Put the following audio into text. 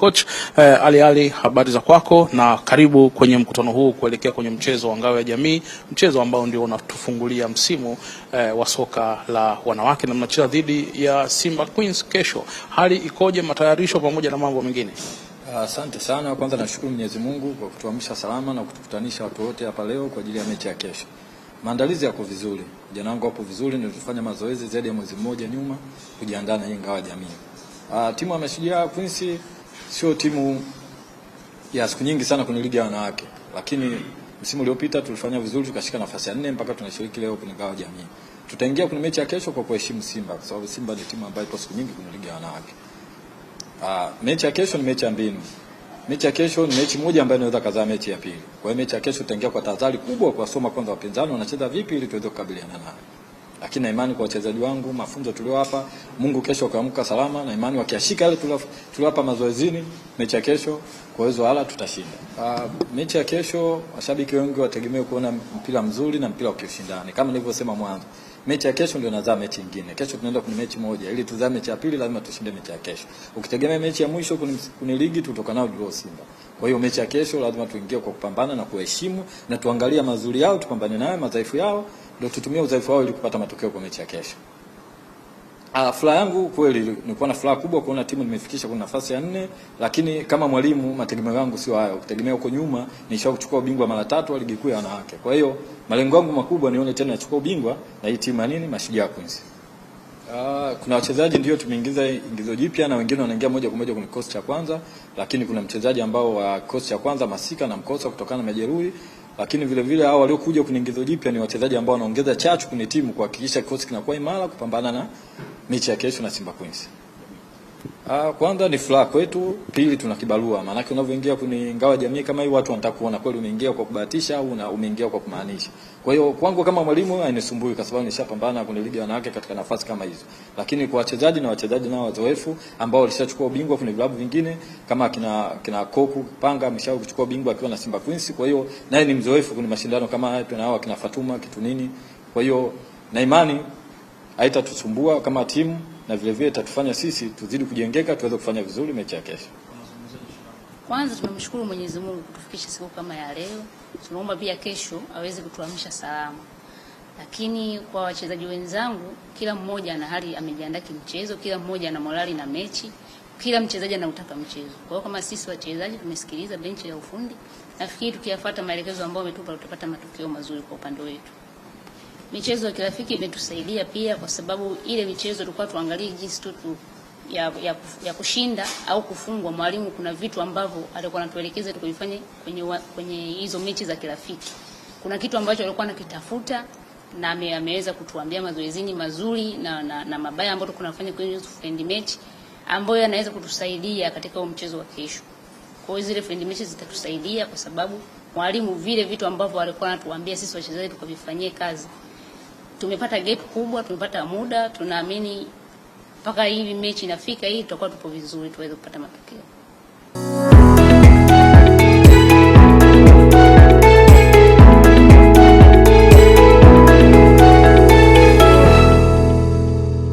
Coach eh, Ali Ali, habari za kwako na karibu kwenye mkutano huu kuelekea kwenye mchezo wa ngao ya jamii, mchezo ambao ndio unatufungulia msimu eh, wa soka la wanawake na mnacheza dhidi ya Simba Queens kesho. Hali ikoje, matayarisho pamoja na mambo mengine? Asante uh, sana. Kwanza nashukuru Mwenyezi Mungu kwa kutuamsha salama na kutukutanisha watu wote hapa leo kwa ajili ya mechi ya kesho. Maandalizi yako vizuri, vijana wangu wapo vizuri, nilifanya mazoezi zaidi ya mwezi mmoja nyuma kujiandaa na hii ngao ya jamii. Uh, timu ya Mashujaa Queens sio timu ya siku nyingi sana kwenye ligi ya wanawake, lakini msimu uliopita tulifanya vizuri, tukashika nafasi ya nne mpaka tunashiriki leo kwenye ngao jamii. Tutaingia kwenye mechi ya kesho kwa kuheshimu Simba, kwa sababu Simba ni timu ambayo ipo siku nyingi kwenye ligi ya wanawake. Ah, mechi ya kesho ni mechi ya mbinu. Mechi ya kesho ni mechi moja ambayo inaweza kazaa mechi ya pili. Kwa hiyo mechi ya kesho tutaingia kwa tahadhari kubwa, kwa soma kwanza wapinzani wanacheza vipi, ili tuweze kukabiliana nayo lakini na imani kwa wachezaji wangu, mafunzo tuliowapa, Mungu kesho akaamka salama, na imani wakiashika yale tuliowapa mazoezini, mechi ya kesho kwa uwezo wala tutashinda. Uh, mechi ya kesho, washabiki wengi wategemee kuona mpira mzuri na mpira wa kiushindani kama nilivyosema mwanzo mechi ya kesho ndio nazaa mechi nyingine. Kesho tunaenda kwenye mechi moja, ili tuzaa mechi ya pili lazima tushinde mechi ya kesho. Ukitegemea mechi ya mwisho kwenye ligi tutoka nao draw Simba. Kwa hiyo mechi ya kesho lazima tuingie kwa kupambana na kuheshimu na tuangalia mazuri yao, tupambane nayo, madhaifu yao, ndio tutumie udhaifu wao ili kupata matokeo kwa mechi ya kesho. Ah, furaha yangu kweli nilikuwa na furaha kubwa kuona timu nimefikisha kwenye nafasi ya nne, lakini kama mwalimu mategemeo yangu sio hayo. Kutegemea huko nyuma nishao kuchukua ubingwa mara tatu wa ligi kuu ya wanawake. Kwa hiyo malengo yangu makubwa nione tena nachukua ubingwa na hii timu ya nini Mashujaa Queens. Ah, kuna wachezaji ndio tumeingiza ingizo jipya na wengine wanaingia moja kwa moja kwenye kikosi cha kwanza, lakini kuna mchezaji ambao wa uh, kikosi cha kwanza Masika na mkosa kutokana na majeruhi lakini vile vile hao waliokuja kuniingiza jipya ni wachezaji ambao wanaongeza chachu kwenye timu kuhakikisha kikosi kinakuwa imara kupambana na mechi ya kesho na Simba Queens. Ah, kwanza ni furaha kwetu, pili tuna kibarua. Maana yake unavyoingia kwenye ngao jamii kama hii watu wanataka kuona kweli umeingia kwa kubahatisha au umeingia kwa kumaanisha. Kwa hiyo kwangu kama mwalimu hainisumbui kwa sababu nishapambana kwenye ligi ya wanawake katika nafasi kama hizo. Lakini kwa wachezaji na wachezaji nao wazoefu ambao walishachukua ubingwa kwenye vilabu vingine kama kina kina Koku Panga ameshachukua ubingwa akiwa na Simba Queens. Kwa hiyo naye ni mzoefu kwenye mashindano kama haya tunao kina Fatuma kitu nini. Kwa hiyo na imani haitatusumbua kama timu na vile itatufanya vile sisi tuzidi kujengeka tuweze kufanya vizuri mechi ya kesho. Kwanza tunamshukuru Mwenyezi Mungu kutufikisha siku kama ya leo. Tunaomba pia kesho aweze kutuamsha salama. Lakini kwa wachezaji wenzangu, kila mmoja ana hali amejiandaa kimchezo, kila mmoja ana morali na mechi, kila mchezaji anautaka mchezo. Kwa hiyo kama sisi wachezaji tumesikiliza benchi ya ufundi, nafikiri tukiyafuata maelekezo ambayo umetupa tutapata matokeo mazuri kwa upande wetu michezo ya kirafiki imetusaidia pia, kwa sababu ile michezo tulikuwa tuangalie jinsi tu ya, ya, ya kushinda au kufungwa. Mwalimu kuna vitu ambavyo alikuwa anatuelekeza tukavifanye kwenye kwenye hizo mechi za kirafiki. Kuna kitu ambacho alikuwa anakitafuta na ameweza kutuambia mazoezini mazuri na, na, na mabaya ambayo tunafanya kwenye hizo friend match ambayo anaweza kutusaidia katika huo mchezo wa kesho. Kwa hiyo zile friend matches zitatusaidia kwa sababu mwalimu vile vitu ambavyo alikuwa anatuambia sisi wachezaji tukavifanyie kazi tumepata gap kubwa, tumepata muda, tunaamini mpaka hii mechi inafika hii tutakuwa tupo vizuri tuweze kupata matokeo.